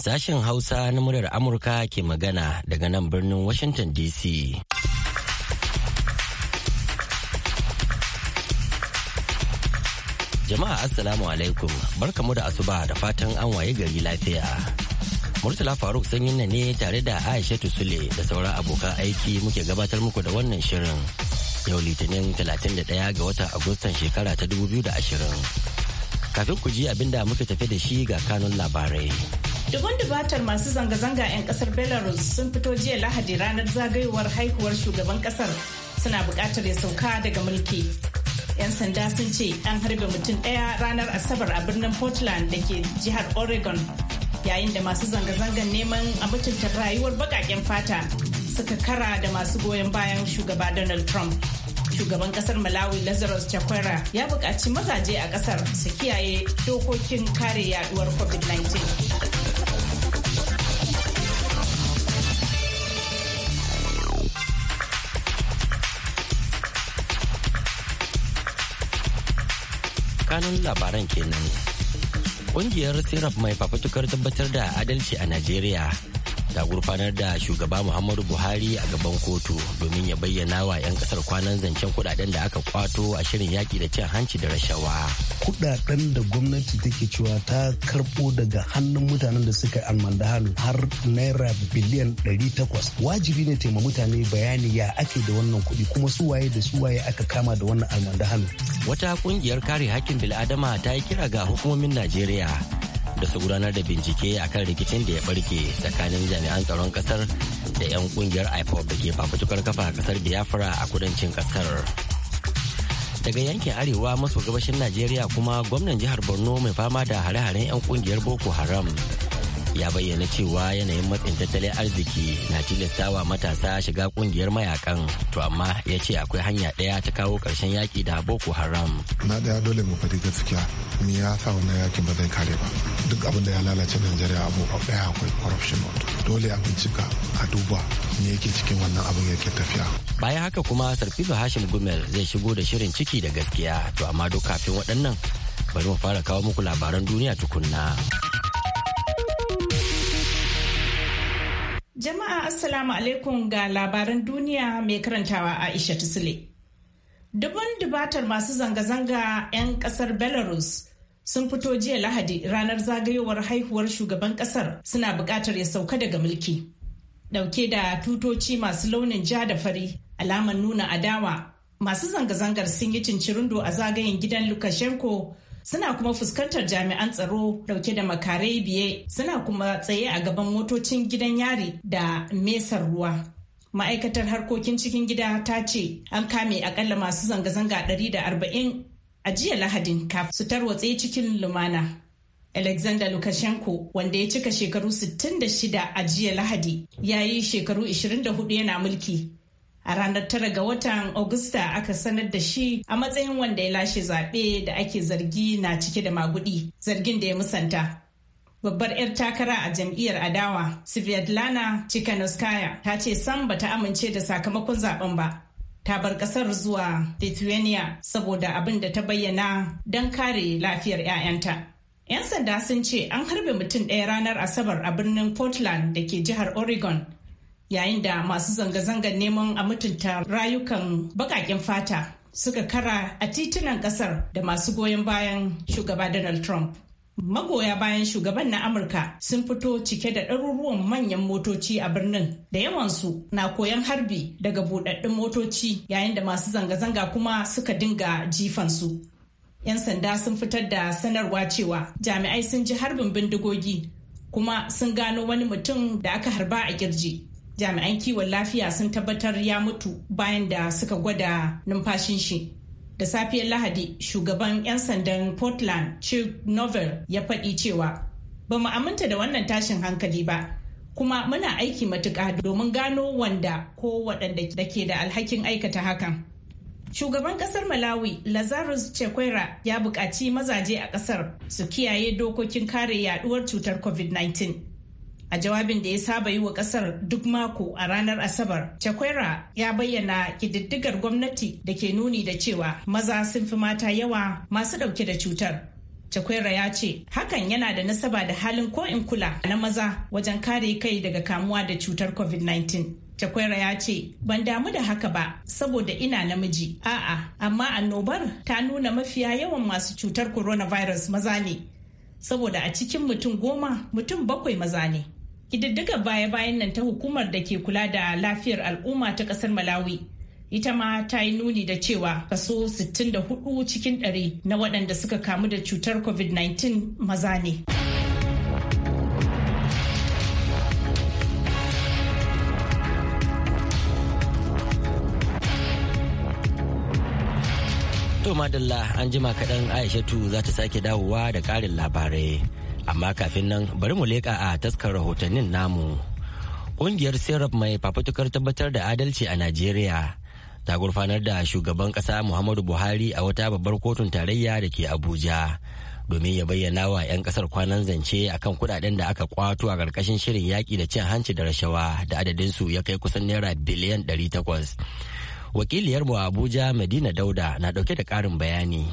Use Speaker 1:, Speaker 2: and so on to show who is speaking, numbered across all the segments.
Speaker 1: Sashen Hausa na muryar Amurka ke magana daga nan birnin Washington DC. Jama'a Assalamu alaikum barkamu da asuba da fatan an waye gari lafiya. Murtala Faruk sanyin na ne tare da Aisha Sule da sauran abokan aiki muke gabatar muku da wannan shirin. Yau Litinin 31 ga watan Agustan shekara ta 2020. Kafin ku ji abinda muke tafi da shi ga kanun labarai.
Speaker 2: Dubun dubatar masu zanga-zanga 'yan kasar Belarus sun fito jiya Lahadi ranar zagayowar haihuwar shugaban kasar suna buƙatar ya sauka daga mulki. 'Yan sanda sun ce an harbe mutum ɗaya ranar Asabar a birnin Portland da ke jihar Oregon yayin da masu zanga-zangan neman a mutunta rayuwar baƙaƙen fata suka kara da masu goyon bayan shugaba Donald Trump. Shugaban kasar Malawi Lazarus Chakwera ya buƙaci mazaje a kasar su kiyaye dokokin kare yaduwar COVID-19.
Speaker 1: kanun labaran kenan. Ƙungiyar sirap mai fafutukar tabbatar da adalci a Najeriya ta gurfanar da shugaba muhammadu buhari a gaban kotu domin ya bayyana wa 'yan kasar kwanan zancen kudaden da aka kwato a shirin yaki da cin hanci da rashawa
Speaker 3: kudaden da gwamnati take cewa ta karbo daga hannun mutanen da suka hannu har naira biliyan 800 wajibi ne taimaka mutane bayani ya ake da wannan kuɗi kuma su waye da su waye aka kama da wannan hannu
Speaker 1: wata kungiyar kare hakkin bil'adama ta yi kira ga hukumomin najeriya da su gudanar da bincike akan rikicin da ya barke tsakanin jami'an tsaron kasar da 'yan kungiyar ipob da ke fafutukar kafa a kasar biafra a kudancin kasar daga yankin arewa maso gabashin najeriya kuma gwamnan jihar borno mai fama da hare-haren 'yan kungiyar boko haram ya bayyana cewa yanayin matsin tattalin arziki na tilastawa matasa shiga kungiyar mayakan to amma ya ce akwai hanya ɗaya ta kawo ƙarshen yaƙi da boko haram
Speaker 4: na ɗaya dole mu faɗi gaskiya me ya sa wannan yakin ba zai kare ba duk abin da ya lalace najeriya abu ɗaya akwai corruption dole a bincika a duba me yake cikin wannan abin yake tafiya
Speaker 1: bayan haka kuma sarfilu hashim gumel zai shigo da shirin ciki da gaskiya to amma duk kafin waɗannan bari mu fara kawo muku labaran duniya tukunna.
Speaker 2: Jama'a Assalamu alaikum ga labaran duniya mai karantawa Aisha Tusile. Dubun dubatar masu zanga-zanga 'yan kasar Belarus sun fito jiya Lahadi ranar zagayowar haihuwar shugaban kasar suna buƙatar ya sauka daga mulki. Dauke da tutoci masu launin ja da fari alamar nuna adawa masu zanga-zangar sun yi cincirindo a zagayen gidan Lukashenko suna kuma fuskantar jami'an tsaro dauke da makarai biye suna kuma tsaye a gaban motocin gidan yari da mesar ruwa ma'aikatar harkokin cikin gida ta ce an kame akalla masu zanga-zanga 140 a jiya lahadin kafin su tarwatse cikin lumana Alexander Lukashenko wanda ya cika shekaru 66 a jiya Lahadi ya yi shekaru 24 yana mulki a ranar tara ga watan Agusta aka sanar da shi a matsayin wanda ya lashe zaɓe da ake zargi na cike da magudi zargin da ya musanta. Babbar 'yar takara a jam'iyyar adawa, Svetlana Tikhanovskaya ta ce sam bata amince da sakamakon zaben ba. Ta bar kasar zuwa Lithuania saboda abin da ta bayyana don kare lafiyar 'ya'yanta. 'Yan sanda sun ce an harbe mutum ɗaya ranar Asabar a birnin Portland da ke jihar Oregon yayin da masu zanga-zangar neman a mutunta rayukan baƙaƙen fata suka kara a titunan ƙasar da masu goyon bayan shugaba Donald Trump. Magoya bayan shugaban na Amurka sun fito cike da ɗaruruwan manyan motoci a birnin da yawansu na koyon harbi daga buɗaɗɗun motoci yayin da masu zanga-zanga kuma suka dinga jifansu. 'Yan sanda sun fitar da sanarwa cewa jami'ai sun ji harbin bindigogi kuma sun gano wani mutum da aka harba a kirji. jami'an kiwon lafiya sun tabbatar ya mutu bayan da suka gwada numfashin shi da safiyar lahadi shugaban 'yan sandan portland chief novel ya faɗi cewa ba mu aminta da wannan tashin hankali ba kuma muna aiki matuƙa domin gano wanda ko waɗanda da ke da alhakin aikata hakan shugaban ƙasar malawi lazarus chekwera ya buƙaci mazaje a ƙasar su kiyaye dokokin kare yaɗuwar cutar covid-19 A jawabin da ya saba yi wa kasar duk mako a ranar Asabar, Chakwera ya bayyana kididdigar gwamnati da ke nuni da cewa maza sun fi mata yawa masu ɗauke da cutar. Chakwera ya ce hakan yana da nasaba da halin ko'in kula na maza wajen kare kai daga kamuwa da cutar COVID-19. Chakwera ya ce ban damu da haka ba saboda ina namiji. A'a, amma annobar ta nuna mafiya yawan masu cutar coronavirus maza ne. Saboda a cikin mutum goma mutum bakwai maza ne. Kididdiga baya-bayan nan ta hukumar da ke kula da lafiyar al'umma ta kasar Malawi ita ma ta yi nuni da cewa kaso 64 cikin 100 na waɗanda suka kamu da cutar covid-19 maza ne.
Speaker 1: To madalla an jima kaɗan Aishatu za ta sake dawowa da ƙarin labarai. amma kafin nan bari mu leƙa a taskar rahotannin namu ƙungiyar serap mai fafutukar tabbatar da adalci a najeriya ta gurfanar da shugaban ƙasa muhammadu buhari a wata babbar kotun tarayya da ke abuja domin ya bayyana wa 'yan ƙasar kwanan zance akan kuɗaɗen da aka kwato a ƙarƙashin shirin yaƙi da cin hanci da rashawa da adadinsu ya kai kusan naira biliyan 800 wakiliyarmu a abuja madina dauda na ɗauke da ƙarin bayani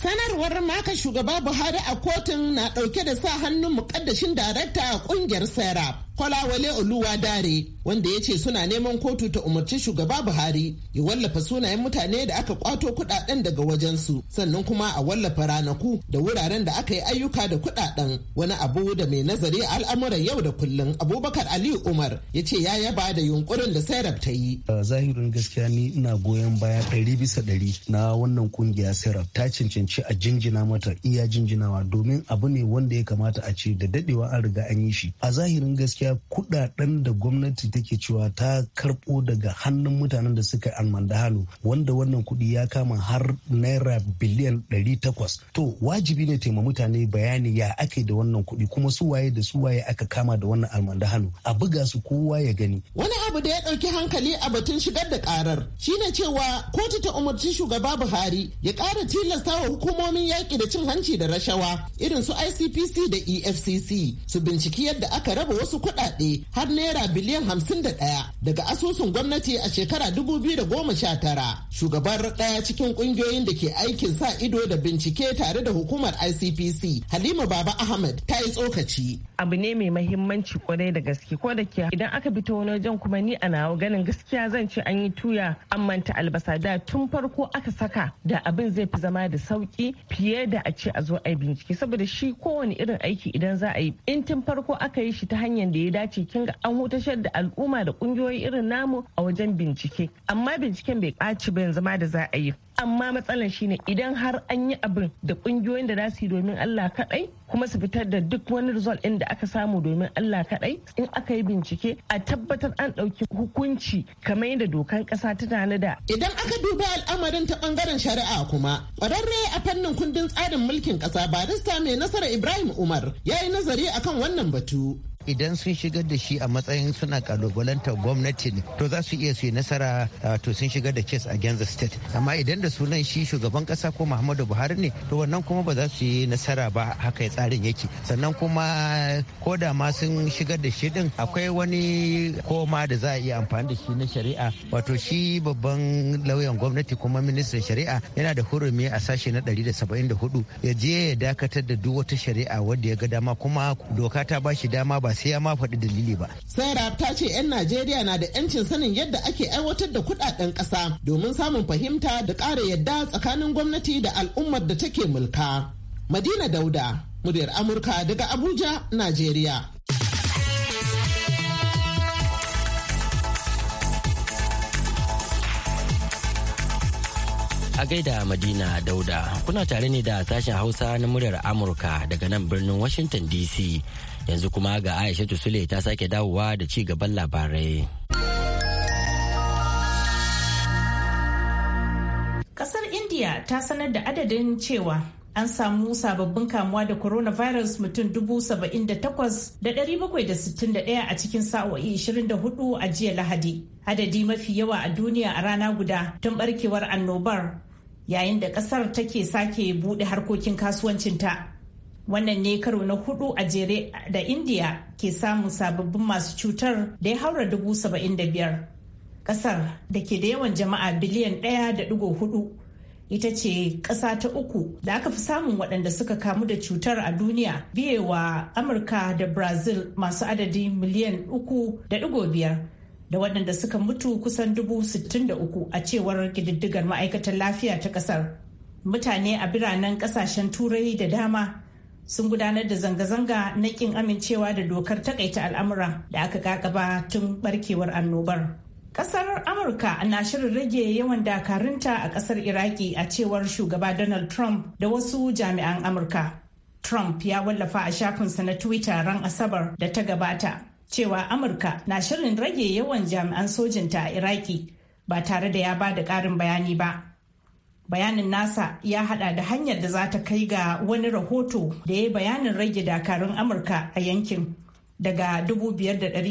Speaker 5: Sanarwar maka shugaba Buhari a kotun na ɗauke da sa hannun mukaddashin darakta a ƙungiyar kwalawale Kolawale Oluwadare wanda ya ce suna neman kotu ta umarci shugaba Buhari ya wallafa sunayen mutane da aka kwato kudaden daga wajensu sannan kuma a wallafa ranaku da wuraren da aka yi ayyuka da kudaden wani abu da mai nazari al'amuran yau da kullum Abubakar Aliyu Umar ya ce ya yaba da yunkurin da Sarah ta yi.
Speaker 3: Zahirin gaskiya ni ina goyon baya ɗari bisa ɗari na wannan kungiya Sarah ta cancanci kasance a jinjina mata iya jinjinawa domin abu ne wanda ya kamata a ce da dadewa an riga an yi shi a zahirin gaskiya kudaden da gwamnati take cewa ta karbo daga hannun mutanen da suka almanda hannu wanda wannan kudi ya kama har naira biliyan takwas to wajibi ne taimaka mutane bayani ya ake da wannan kudi kuma su waye da su waye aka kama da wannan almanda hannu a buga su kowa ya gani
Speaker 5: wani abu da ya dauki hankali a batun shigar da karar shine cewa kotu ta umarci shugaba Buhari ya kara tilasta wa hukumomin yaƙi da cin hanci da rashawa irin su ICPC da EFCC su binciki yadda aka raba wasu kuɗaɗe har naira biliyan hamsin da ɗaya daga asusun gwamnati a shekara dubu biyu da goma sha tara. shugaban ɗaya cikin ƙungiyoyin da ke aikin sa ido da bincike tare da hukumar ICPC Halima Baba Ahmed ta yi tsokaci. Abu ne mai mahimmanci kwarai da gaske ko da ke idan aka fito wani wajen kuma ni a nawa ganin gaskiya zan ce an yi tuya an manta albasa da tun farko aka saka da abin zai fi zama da sauri. sauki fiye da a ce a zo a yi bincike saboda shi kowane irin aiki idan za a yi in tun farko aka yi shi ta hanyar da ya dace kin ga an hutashar da al'umma da kungiyoyi irin namu a wajen bincike amma binciken bai ɓaci ba yanzu ma da za a yi amma matsalar shine idan har an yi abin da kungiyoyin da za su yi domin Allah kaɗai kuma su fitar da duk wani result ɗin da aka samu domin Allah kaɗai in aka yi bincike a tabbatar an ɗauki hukunci kamar yadda dokan ƙasa ta da. Idan aka duba al'amarin ta ɓangaren shari'a kuma ƙwararre a fannin kundin tsarin mulkin ƙasa barista mai nasara Ibrahim Umar ya yi nazari akan wannan batu. idan sun shigar da shi a matsayin suna kalubalantar gwamnati ne to za su iya su yi nasara to sun shigar da kes a the State amma idan da sunan shi shugaban kasa ko Muhammadu Buhari ne to wannan kuma ba za su yi nasara ba haka tsarin yake sannan kuma ko da ma sun shigar da shi din akwai wani koma da za a iya amfani da shi na shari'a wato shi babban lauyan gwamnati kuma ministan shari'a yana da hurumi a sashe na ɗari da hudu ya je ya dakatar da duk wata shari'a wadda ya ga dama kuma doka ta ba shi dama ba Basi sai ya ma faɗi dalili ba. Sarah ta ce 'yan Najeriya na da 'yancin sanin yadda ake aiwatar da kuɗaɗen ƙasa domin samun fahimta da ƙara yadda tsakanin gwamnati da al'ummar da take mulka. Madina Dauda, muryar Amurka daga Abuja, Najeriya.
Speaker 1: A gaida Madina Dauda, kuna tare ne da sashen Hausa na muryar Amurka daga nan birnin Washington DC. Yanzu kuma ga Aisha Sule ta sake dawowa da ci gaban labarai.
Speaker 2: Kasar India ta sanar da adadin cewa an samu sababbin kamuwa da coronavirus mutum 78,761 a cikin sa'o'i 24 a jiya lahadi adadi mafi yawa a duniya a rana guda tun barkewar annobar yayin da kasar take sake buɗe harkokin kasuwancinta wannan ne karo na hudu a jere da Indiya ke samun sababbin masu cutar da ya haura 75,000 kasar da ke da yawan jama'a biliyan 1.4 ita ce ƙasa ta uku da aka fi samun waɗanda suka kamu da cutar a duniya biyewa amurka da brazil masu adadi miliyan uku da ɗigo biyar da waɗanda suka mutu kusan dubu sittin da uku a cewar ƙididdigar ma'aikatar lafiya ta ƙasar mutane a biranen ƙasashen turai da dama sun gudanar da zanga-zanga na ƙin amincewa da dokar takaita al'amura da aka gaba tun barkewar annobar Kasar Amurka na shirin rage yawan dakarunta a kasar Iraki a cewar shugaba Donald Trump da wasu jami'an Amurka. Trump ya wallafa a shafinsa na Twitter ran Asabar da ta gabata cewa Amurka na shirin rage yawan jami'an sojinta a Iraki ba tare da ya ba da ƙarin bayani ba. bayanin nasa ya hada da hanyar da za ta kai ga wani rahoto da ya bayanin rage dakarun amurka a yankin daga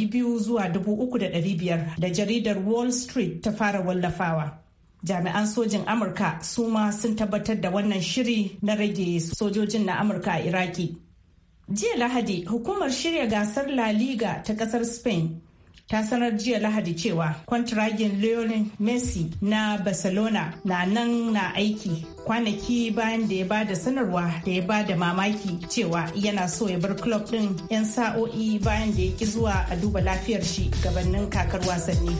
Speaker 2: biyu zuwa 3,500 da jaridar Wall Street ta fara wallafawa. Jami'an sojin Amurka su ma sun tabbatar da wannan shiri na rage sojojin na Amurka a Iraki. Jiya Lahadi, hukumar shirya gasar La Liga ta kasar Spain ta sanar jiya lahadi cewa kwantiragin leonin Messi na Barcelona na nan na aiki kwanaki bayan da ya ba da sanarwa da ya ba da mamaki cewa yana so ya bar club din 'yan sa'o'i bayan da ya ki zuwa a duba lafiyar shi gabanin kakar wasanni.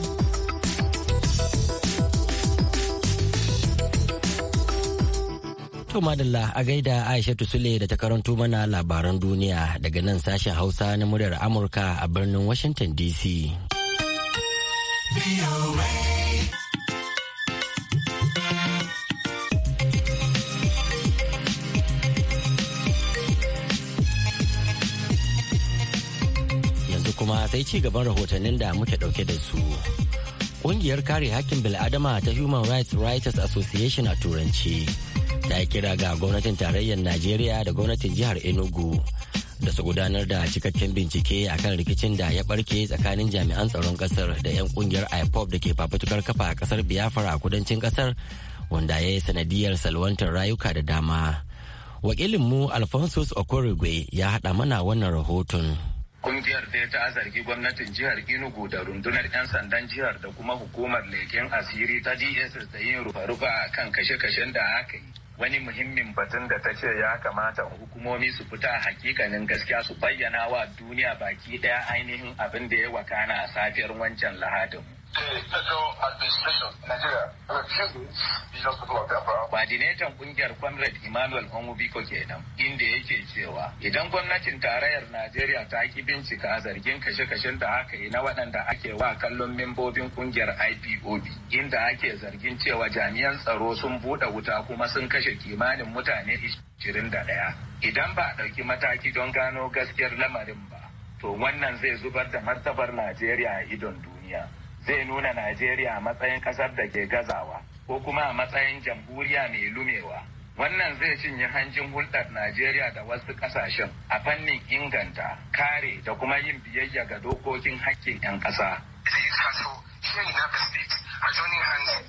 Speaker 1: To madalla a gaida Aisha Sule da ta karanto mana labaran duniya daga nan sashen Hausa na muryar Amurka a birnin Washington DC. Yanzu kuma sai ci gaban rahotannin da muke dauke da su. Ƙungiyar kare hakkin bil'adama ta Human Rights Writers Association a Turanci. da kira ga gwamnatin tarayyar najeriya da gwamnatin jihar enugu da su gudanar da cikakken bincike a kan rikicin da ya barke tsakanin jami'an tsaron kasar da 'yan kungiyar ipop da ke fafutukar kafa a kasar biafra a kudancin kasar wanda ya yi sanadiyar salwantar rayuka da dama wakilinmu alphonsus okorigwe ya haɗa mana wannan rahoton
Speaker 6: Kungiyar da ta zargi gwamnatin jihar Enugu da rundunar 'yan sandan jihar da kuma hukumar leken asiri ta DSS da yin rufa-rufa kan kashe-kashen da aka yi. wani muhimmin batun da ta ce ya kamata hukumomi su fita hakikanin gaskiya su bayyana wa duniya baki daya ainihin abin da ya wakana a safiyar wancan lahadin. Kwadinetan kungiyar Comrade Emmanuel Omubiko kenan inda yake cewa idan gwamnatin tarayyar Najeriya ta ki bincika zargin kashe-kashen da aka yi na waɗanda ake wa kallon membobin kungiyar IPOB inda ake zargin cewa jami'an tsaro sun buɗe wuta kuma sun kashe kimanin mutane 21 idan ba a ɗauki mataki don gano gaskiyar lamarin ba to wannan zai zubar da martabar Najeriya a idon duniya. zai nuna najeriya a matsayin ƙasar da ke gazawa ko kuma a matsayin jamhuriya mai lumewa wannan zai cinye hanjin hulɗar najeriya da wasu ƙasashen a fannin inganta kare da kuma yin biyayya ga dokokin haƙƙin 'yan ƙasa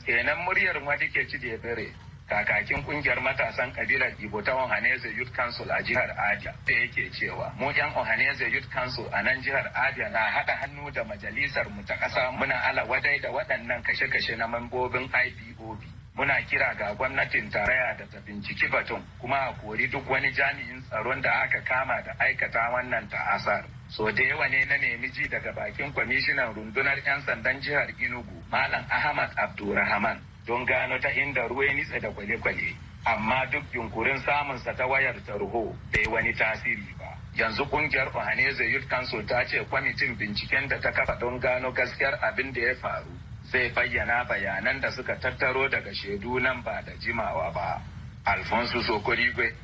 Speaker 6: kenan muryar wadda ke ci da bere kakakin kungiyar matasan kabilar Ibo ta Ohaneze Youth Council a jihar Abia da yake cewa mu yan Ohaneze Youth Council a nan jihar Abia na haɗa hannu da majalisar mu ta ƙasa muna alawadai da waɗannan kashe-kashe na mambobin IPOB. Muna kira ga gwamnatin tarayya da ta binciki batun kuma a kori duk wani jami'in tsaron da aka kama da aikata wannan ta'asar. so da yawa ne na nemi ji daga bakin kwamishinan rundunar 'yan sandan jihar inugu malam ahmad abdulrahman don gano ta inda ruwa ya nitsa da kwale-kwale amma duk yunkurin samunsa ta wayar tarho bai wani tasiri ba yanzu kungiyar ohaneze youth council ta ce kwamitin binciken da ta kafa don gano gaskiyar abin da ya faru zai bayyana bayanan da suka tattaro daga shaidu nan ba da jimawa ba alfonso sokorigwe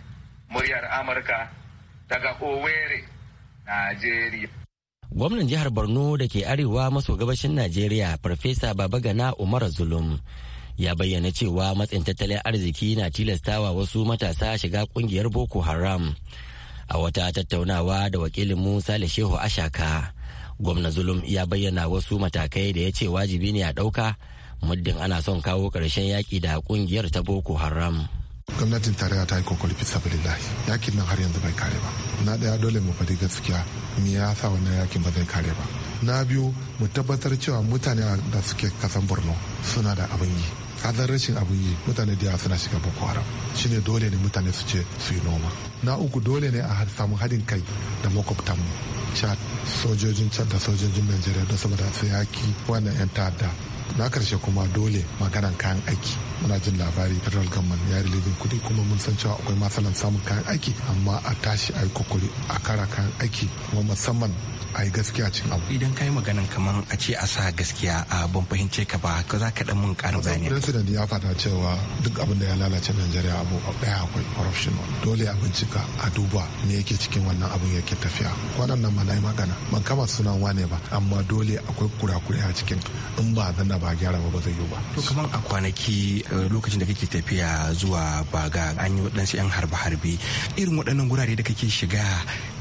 Speaker 6: muryar amurka daga owerri najeriya
Speaker 1: gwamnan jihar borno da ke arewa maso gabashin najeriya farfesa babagana umar zulum ya bayyana cewa matsin tattalin arziki na tilastawa wasu matasa shiga kungiyar boko haram a wata tattaunawa da wakilin musa shehu ashaka gwamna zulum ya bayyana wasu matakai da ya ce wajibi ne a ɗauka muddin ana son kawo ƙarshen yaƙi da kungiyar ta boko haram
Speaker 4: gwamnatin tarayya ta yi kokari fi sabilillahi yakin nan har yanzu bai kare ba na daya dole mu faɗi gaskiya me ya sa wannan yakin ba zai kare ba na biyu mu tabbatar cewa mutane da suke kasan borno suna da abin yi kazan rashin abin yi mutane da yawa suna shiga boko haram shine dole ne mutane su ce su yi noma na uku dole ne a samun haɗin kai da makwabtanmu chad sojojin can da sojojin najeriya don saboda su yaki wannan 'yan ta'adda na karshe kuma dole maganan kayan aiki muna jin labari federal government ya yi rilibin kudi kuma mun san cewa akwai matsalan samun kayan aiki amma a tashi a yi a kara kayan aiki kuma musamman a yi gaskiya cin abu
Speaker 3: idan kai maganan kaman a ce a sa gaskiya a ban fahimce ka ba ka za
Speaker 4: ka dan mun karin bayani president ya fata cewa duk abin da ya lalace Najeriya abu ɗaya akwai corruption dole a bincika a duba me yake cikin wannan abin yake tafiya kwanan nan ma na yi magana ban kama sunan wane ba amma dole akwai kurakure a cikin in ba zanna ba gyara ba ba zai yi ba
Speaker 3: to kamar a kwanaki eh, lokacin da kake tafiya zuwa baga an yi waɗansu 'yan
Speaker 4: harbe-harbe irin waɗannan gurare da kake shiga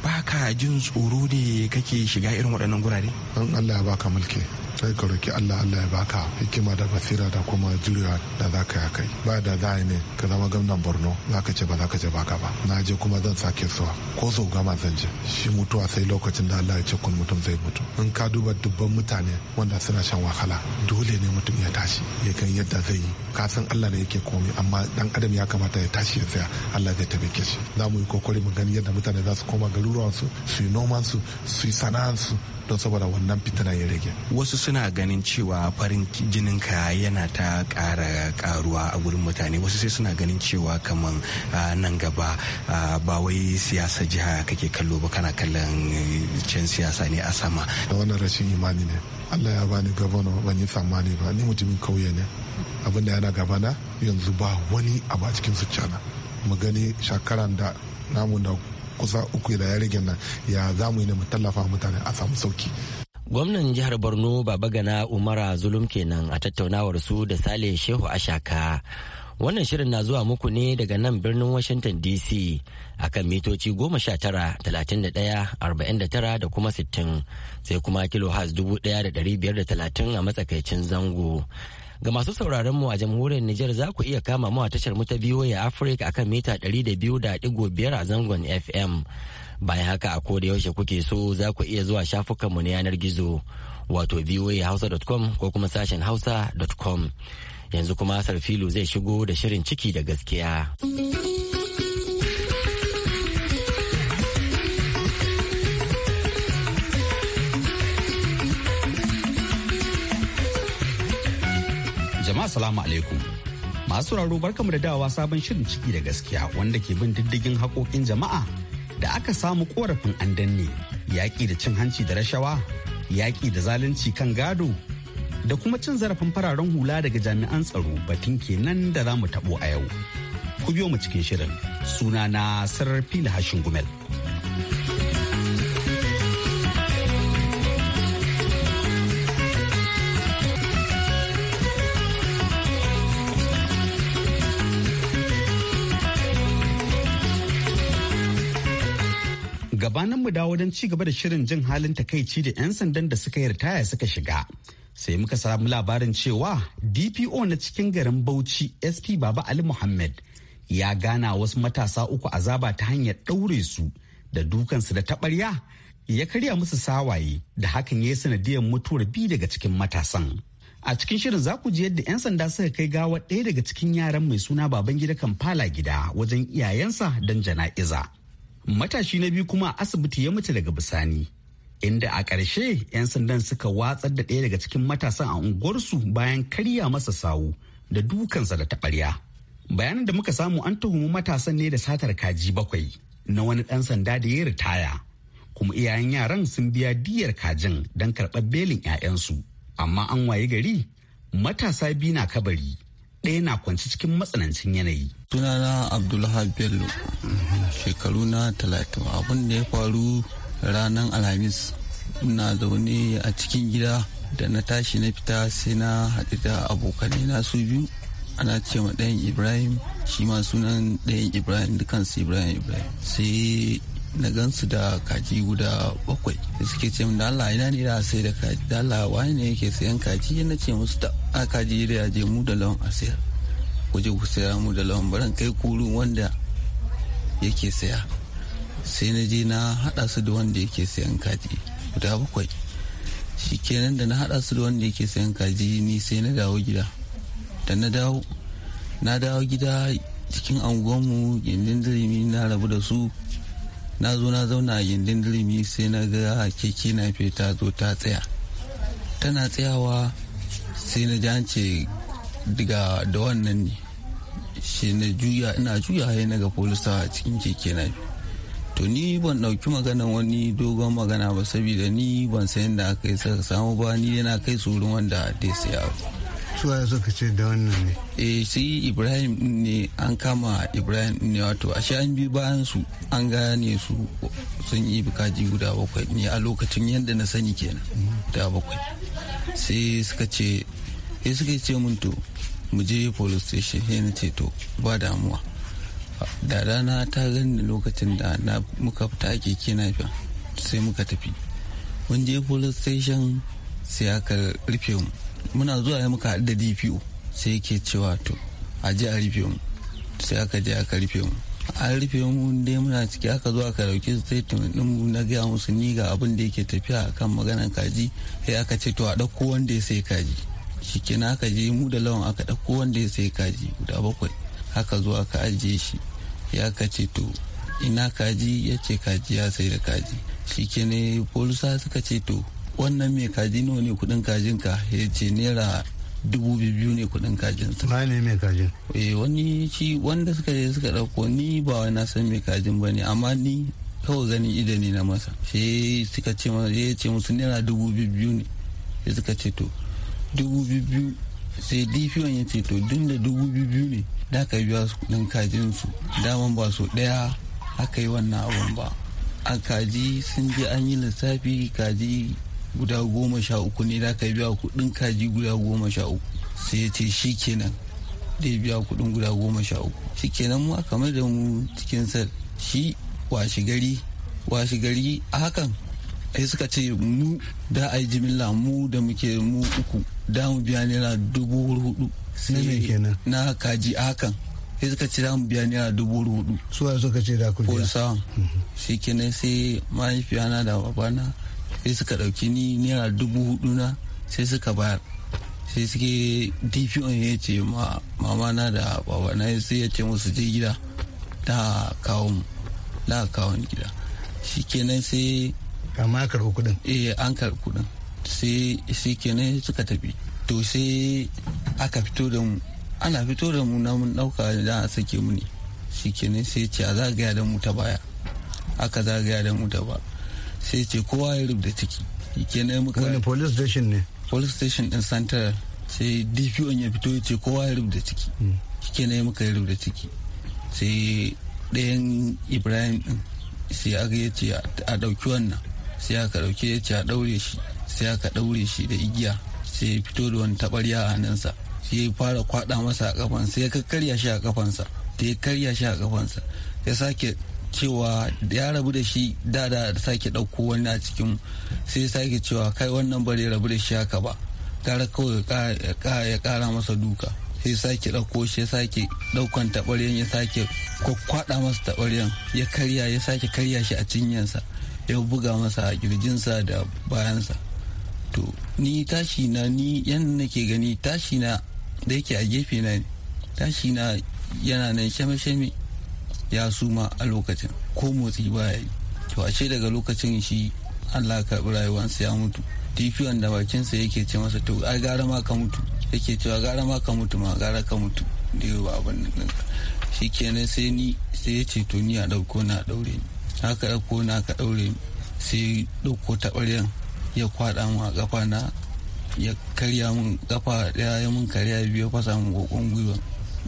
Speaker 4: baka jin tsoro ne kake shiga irin waɗannan gurare An allah ya baka mulki sai ka roki Allah Allah ya baka hikima da basira da kuma juriya da za ka kai ba da za ne ka zama gwamnan Borno za ka ce ba za ka ce baka ba na je kuma zan sake suwa ko so gama zan je shi mutuwa sai lokacin da Allah ya ce kun mutum zai mutu in ka duba dubban mutane wanda suna shan wahala dole ne mutum ya tashi ya kan yadda zai yi ka san Allah ne yake komai amma dan adam ya kamata ya tashi ya tsaya Allah zai tabbake shi za mu yi kokari mu gani yadda mutane za su koma garuruwansu su yi nomansu su yi sana'ansu don saboda wannan fitina ya rage wasu suna ganin cewa farin jininka
Speaker 3: yana ta ƙara ƙaruwa a gurin mutane wasu sai suna ganin cewa kaman nan gaba ba wai siyasa jiha kake kallo ba kana kallon eh, can siyasa ne a sama
Speaker 4: da wannan rashin imani ne allah ya bani gabano ban yi tsammani ba ni mutumin kauye ne abin da yana gabana yanzu ba wani abu a cikin su mu gani shakaran da namu da kusa uku da ya rage nan ya za mu yi mu tallafa mutane a samu sauki
Speaker 1: gwamnan jihar borno babagana umara zulum kenan a tattaunawar su da sale shehu ashaka wannan shirin na zuwa muku ne daga nan birnin washington dc a kan mitoci tara, talatin da kuma 60 sai kuma kilo has 1530 a matsakaicin zango Ga masu sauraron mu a jamhuriyar Nijar za ku iya kama mu a tashar mu ta VOA Africa akan mita 200.5 a zangon FM. Bayan haka a koda yaushe kuke so za ku iya zuwa shafukan mu na yanar gizo wato voahausa.com ko kuma sashen hausa.com. Yanzu kuma Sarfilu zai shigo da shirin ciki da gaskiya.
Speaker 3: Jama'a salamu alaikum. Masu sauraro barkamu da dawowa sabon shirin ciki da gaskiya wanda ke bin diddigin haƙoƙin jama'a da aka samu korafin an danne yaƙi da cin hanci da rashawa yaƙi da zalunci kan gado da kuma cin zarafin fararen hula daga jami'an tsaro batun kenan da za mu taɓo a yau. Ku biyo mu cikin shirin suna na Sarar Fili Hashin Gumel. mu dawo don ci gaba da shirin jin halin takaici da 'yan sandan da suka yi ritaya suka shiga. Sai muka samu labarin cewa DPO na cikin garin Bauchi SP Baba Ali Muhammad ya gana wasu matasa uku azaba ta hanyar ɗaure su da dukansu da taɓarya ya karya musu sawaye da hakan ya yi sanadiyar mutuwar biyu daga cikin matasan. A cikin shirin za ku ji yadda 'yan sanda suka kai gawa ɗaya daga cikin yaran mai suna baban gida Kampala gida wajen iyayensa don jana'iza. matashi na biyu kuma asibiti ya mutu daga bisani inda a ƙarshe 'yan sandan suka watsar da ɗaya daga cikin matasan a unguwarsu bayan karya masa sawu da dukansa da taɓarya bayanan da muka samu an tuhumi matasan ne da satar kaji bakwai na wani ɗan sanda da ya ritaya kuma iyayen yaran sun biya diyar kajin don karɓar belin 'ya'yansu amma an wayi gari matasa
Speaker 7: biyu na kabari ɗaya na kwanci cikin matsanancin yanayi. Sunana Abdullahi Bello, mhm, shekaru na talatin abin da ya faru ranar Alhamis. Ina zaune a cikin gida da na tashi na fita sai na haɗu da abokanai na su biyu. Ana ce ma ɗayan Ibrahim, shi ma sunan ɗayan Ibrahim su Ibrahim Ibrahim. Sai na gansu da kaji guda bakwai da suke ce da Allah ina ne da sai da kaji da Allah wani ne yake sayan kaji na ce musu da aka je da yaje mu da lawan a sayar waje ku saya mu da lawan baran kai kurun wanda yake saya sai na je na hada su da wanda yake sayan kaji guda bakwai shi kenan da na hada su da wanda yake sayan kaji ni sai na dawo gida da na dawo na dawo gida cikin anguwanmu gindin dirimi na rabu da su na zo na zauna a gindin dirimi sai na ga keke na ta zo ta tsaya tana tsayawa sai na jance ce daga da wannan ne shi na juya ina juya ya na ga polisa a cikin keke na to ni ban ɗauki magana wani dogon magana ba saboda ni ban san yadda aka yi saka samu ba ni yana kai tsoron wanda da saya
Speaker 5: suwa suka ce da wannan ne
Speaker 7: eh sai ibrahim ne an kama ibrahim ne wato a an biyu bayan su an gane su sun yi bukaji guda bakwai ne a lokacin yadda na sani kenan da bakwai sai suka ce ya eh, suka ce mun to mu je police station sai na ce to ba damuwa da rana ta gani lokacin da na muka fita keke na sai muka tafi mun je police station sai aka rufe mu muna zuwa ya muka haɗu da dpo sai ke cewa to a je a rufe mu sai aka je aka rufe mu an rufe mu dai muna ciki aka zuwa ka dauki statement din mu na gaya musu ni ga abin da yake tafiya kan maganan kaji sai aka ce to a dauko wanda ya sai kaji shikenan aka je mu da lawan aka dauko wanda ya sai kaji guda bakwai aka zo aka ajiye shi ya ka ce to ina kaji ya ce kaji ya sai da kaji shikenan polisa suka ce to wannan mai kaji nawa ne kudin kajinka ya ce naira dubu biyu ne kudin kajin su na ne mai kajin eh wani ci wanda suka je suka dauko ni ba wai na san mai kajin ba ne amma ni kawai ganin idani na masa Shi suka ce ma ya ce musu naira dubu biyu ne sai suka ce to dubu biyu sai dpon ya ce to dun da dubu biyu ne da ka biya su kudin kajin su daman ba su daya aka yi wannan abun ba a kaji sun je an yi lissafi kaji guda goma sha uku ne za ka biya kuɗin kaji guda goma sha uku sai ya ce shi kenan da ya biya kuɗin guda goma sha uku shi kenan mu aka mai da mu cikin sal shi washi gari washi gari a hakan sai suka ce mu da a yi jimilla mu da muke mu uku da mu biya naira dubu hudu na kaji a hakan sai suka ce za mu biya naira dubu hudu suwa suka ce da ku biya mhm. shi kenan sai mahaifiyana da babana sai suka ɗauki ni naira dubu hudu na sai suka bayar sai suke dpo ya ce mama na da baba na sai ya ce musu je gida ta kawo mu la kawo ni gida shi kenan sai amma karɓi kuɗin eh an karɓi kuɗin sai shi kenan suka tafi to sai aka fito da mu ana fito da mu na mun ɗauka da a sake mu ne shi kenan sai ce a zagaya da mu ta baya aka zagaya da mu ta baya sai ce kowa ya rubuta ciki na muka wani police station ne police station din santa sai dpo ya fito ya ce kowa ya rubuta ciki hmm. na muka ya rubuta ciki sai ɗayan ibrahim din sai aka ya ce a ɗauki wannan sai aka ɗauke ya ce a ɗaure shi sai aka ɗaure shi da igiya sai ya fito da wani taɓarya a hannunsa sai ya fara kwaɗa masa a kafansa ya karya shi a kafansa ta ya karya shi a kafansa ya sake cewa ya rabu da shi da da sake ɗauko wani a cikin sai sake cewa kai wannan bare rabu da shi haka ba gara kawai ya kara masa duka sai sake ɗauko shi ya sake ɗaukan taɓaryan ya sake kwakwada masa taɓaryan ya karya ya sake karya shi a cinyansa ya buga masa a kirjinsa da bayansa to ni tashi na ni nake gani tashi na da yake a gefe na tashi na yana nan shame-shame ya suma a lokacin ko motsi ba ya yi to ashe daga lokacin shi allah karɓi rayuwarsa ya mutu tifiyon da bakinsa yake ce masa to ai gara ma ka mutu yake cewa gara ma ka mutu ma gara ka mutu da yau abin nan shi kenan sai ni sai ya ce to ni a ɗauko na ɗaure ni haka ɗauko na ka ɗaure ni sai ɗauko taɓaryan ya kwaɗa mu a kafa na ya karya mun kafa ɗaya ya mun karya biyu ya fasa mun kokon gwiwa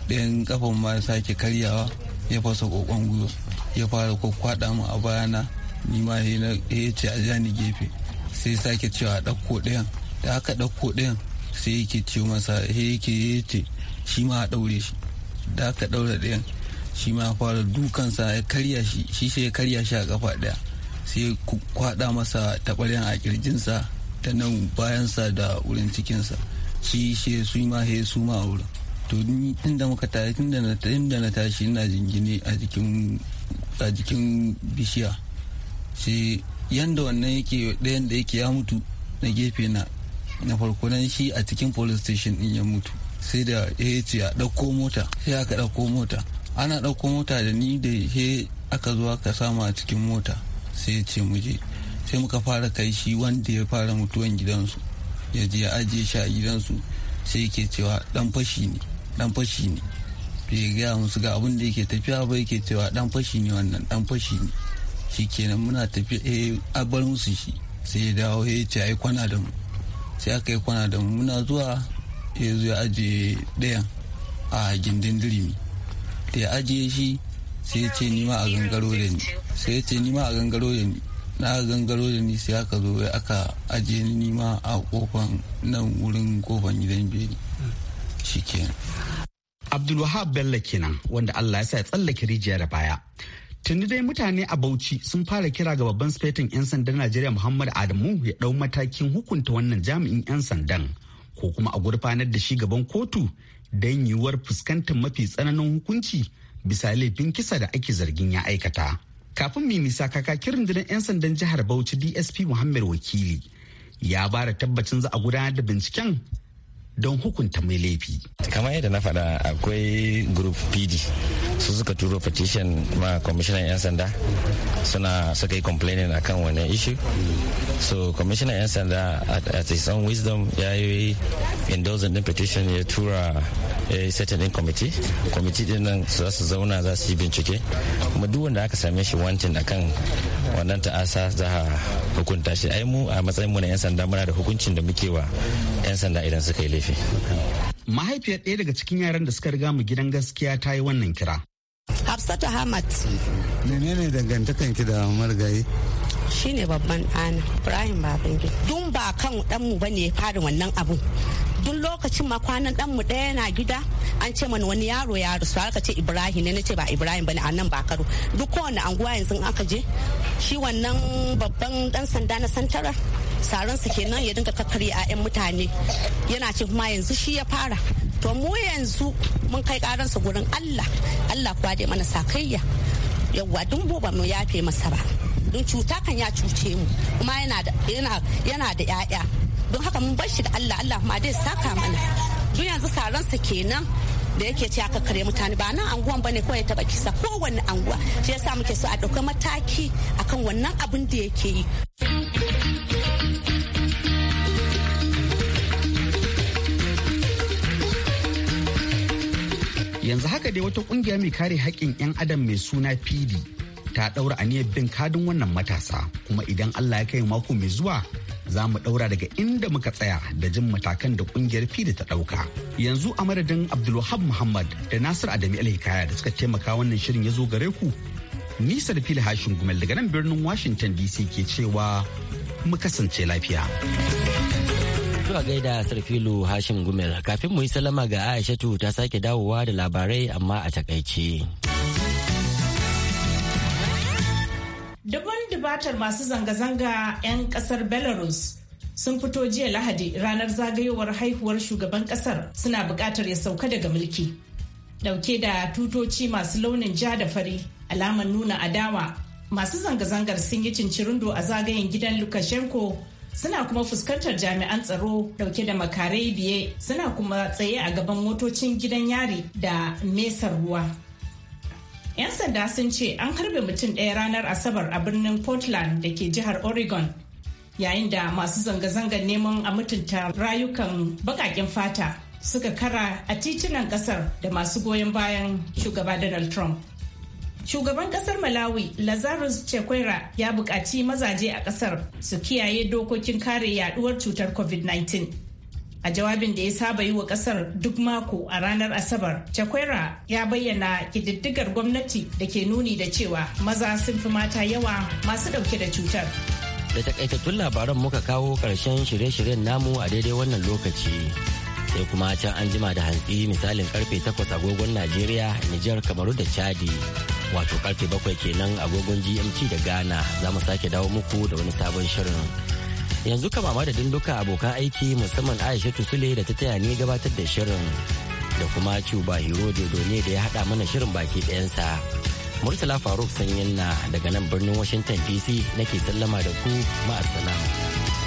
Speaker 7: ɗayan kafan ma sake karyawa ya fasa kokon gwiwa ya fara kwakwada mu a bayana ni ma ya ce a ja ni gefe sai sake cewa ɗauko ɗayan da aka ɗauko ɗayan sai yake ce masa yake ya ce shi ma a ɗaure shi da aka ɗaura ɗayan shi ma fara dukansa ya karya shi shi ya karya shi a kafa ɗaya sai kwaɗa masa taɓaryan a kirjinsa da nan bayansa da wurin cikinsa shi shi su ma ya su ma a wurin to inda muka tare inda na tashi ina jingine a jikin bishiya sai yanda wannan yake ɗayan da yake ya mutu na gefe na na farko nan shi a cikin police station din ya mutu sai da ya ce a ɗauko mota sai aka ɗauko mota ana ɗauko mota da ni da he aka zo aka sama a cikin mota sai ya ce muje sai muka fara kai shi wanda ya fara mutuwan gidansu ya je ya ajiye shi a gidansu sai yake cewa dan fashi ne dan fashi ne ya gaya musu ga abin da yake tafiya ba yake cewa dan fashi ne wannan dan fashi ne shi kenan muna tafiya eh bar musu shi sai ya dawo ya ce ai kwana da mu sai aka yi kwana da mu muna zuwa ya zo ya ajiye ɗayan a gindin dirimi da ya ajiye shi sai ya ce ni ma a gangaro da ni sai ya ce ni ma a gangaro da ni na gangaro da ni sai aka zo aka ajiye ni ma a kofan nan wurin kofan gidan beni ke abdulwahab bello kenan wanda allah ya sa ya tsallake rijiya da baya
Speaker 3: tuni dai mutane a bauchi sun fara kira ga babban sifetin 'yan sandan najeriya muhammad adamu ya dau matakin hukunta wannan jami'in 'yan sandan ko kuma a gurfanar da shi gaban kotu don yiwuwar fuskantar mafi tsananin hukunci bisa laifin kisa da ake zargin ya aikata kafin mimisa kakakin rundunar 'yan sandan jihar bauchi dsp muhammad wakili ya bara tabbacin za a gudanar da binciken don hukunta mai laifi.
Speaker 1: kamar yadda na faɗa akwai group pd su suka turo petition ma commissioner 'yan sanda suna suka yi complaining akan wannan issue so commissioner 'yan sanda at his own wisdom ya yi endorsing din petition ya tura ya yi committee committee din nan za su zauna za su yi bincike kuma duk wanda aka same shi wantin akan wannan ta'asa za a hukunta shi ai mu a matsayin mu na 'yan sanda muna da hukuncin da muke wa 'yan sanda idan suka yi laifi ce
Speaker 3: mahaifiyar ɗaya daga cikin yaran da suka riga mu gidan gaskiya ta yi wannan kira hafsatu hamad
Speaker 7: menene dangantakanki da marigayi
Speaker 5: shine babban ɗana ibrahim
Speaker 2: babangida dun ba kan ɗanmu ba ne fara wannan abu Dun lokacin ma kwanan ɗanmu ɗaya na gida an ce mana wani yaro ya rasu aka ce ibrahim ne na ce ba ibrahim ba ne a nan ba karo duk kowane anguwa yanzu aka je shi wannan babban ɗan sanda na santarar saransa kenan ya dinga a yan mutane yana ce kuma yanzu shi ya fara to mu yanzu mun kai karansa gurin allah allah kuwa dai mana sakayya yawwa dumbo ba mu yafe masa ba don cuta kan ya cuce mu kuma yana da 'ya'ya don haka mun bar shi da allah allah kuma dai saka mana duk yanzu saransa kenan da yake ce aka kare mutane ba nan anguwan bane kawai ta baki sa kowanne anguwa shi yasa muke so a dauka mataki akan wannan abin da yake yi
Speaker 3: yanzu haka dai wata kungiya mai kare haƙƙin 'yan adam mai suna pd ta ɗaura aniyar bin kadin wannan matasa kuma idan allah ya kai mako mai zuwa za mu daura daga inda muka tsaya da jin matakan da kungiyar pd ta dauka. yanzu a madadin abdulwahab muhammad da nasir adami alhikaya da suka taimaka wannan shirin ya zo gare ku nisar fili hashin gumel daga nan birnin washington dc ke cewa mu kasance
Speaker 1: lafiya. zuwa a gaida Sarfilu Hashim Gumel kafin mu yi salama ga Aishatu ta sake dawowa da labarai amma a takaice.
Speaker 2: Dubban dubatar masu zanga-zanga 'yan kasar Belarus sun fito jiya Lahadi ranar zagayowar haihuwar shugaban kasar suna bukatar ya sauka daga mulki. Dauke da tutoci masu launin ja da fari alamar nuna adawa masu zanga-zangar sun yi cincirindo a zagayen gidan Lukashenko suna kuma fuskantar jami'an tsaro dauke da makarai biye suna kuma tsaye a gaban motocin gidan yari da mesar ruwa 'yan sanda sun ce an harbe mutum ɗaya ranar asabar a birnin portland da ke jihar oregon yayin da masu zanga-zangar neman a mutunta rayukan baƙaƙen fata suka kara a titunan ƙasar da masu goyon bayan shugaba donald trump Shugaban kasar Malawi Lazarus Chekwera, ya buƙaci mazaje a kasar su kiyaye dokokin kare yaduwar cutar COVID-19. A jawabin da ya saba yi wa kasar duk mako a ranar Asabar, Chekwera ya bayyana kididdigar gwamnati da ke nuni da cewa maza sun fi mata yawa masu ɗauke da cutar.
Speaker 1: Da takaitattun labaran muka kawo ƙarshen shirye-shiryen namu a daidai wannan lokaci. sai kuma can an jima da hantsi misalin karfe 8 agogon Najeriya, Nijar, Kamaru da Chadi. wato karfe bakwai kenan agogon gmt da ghana za mu sake dawo muku da wani sabon shirin yanzu kama madadin duka abokan aiki musamman aisha sule da ta taya ni gabatar da shirin da kuma cuba hero ne da ya hada mana shirin baki ɗayansa murtala faruk sanyin na daga nan birnin washinton dc nake sallama da ku ma'assalam.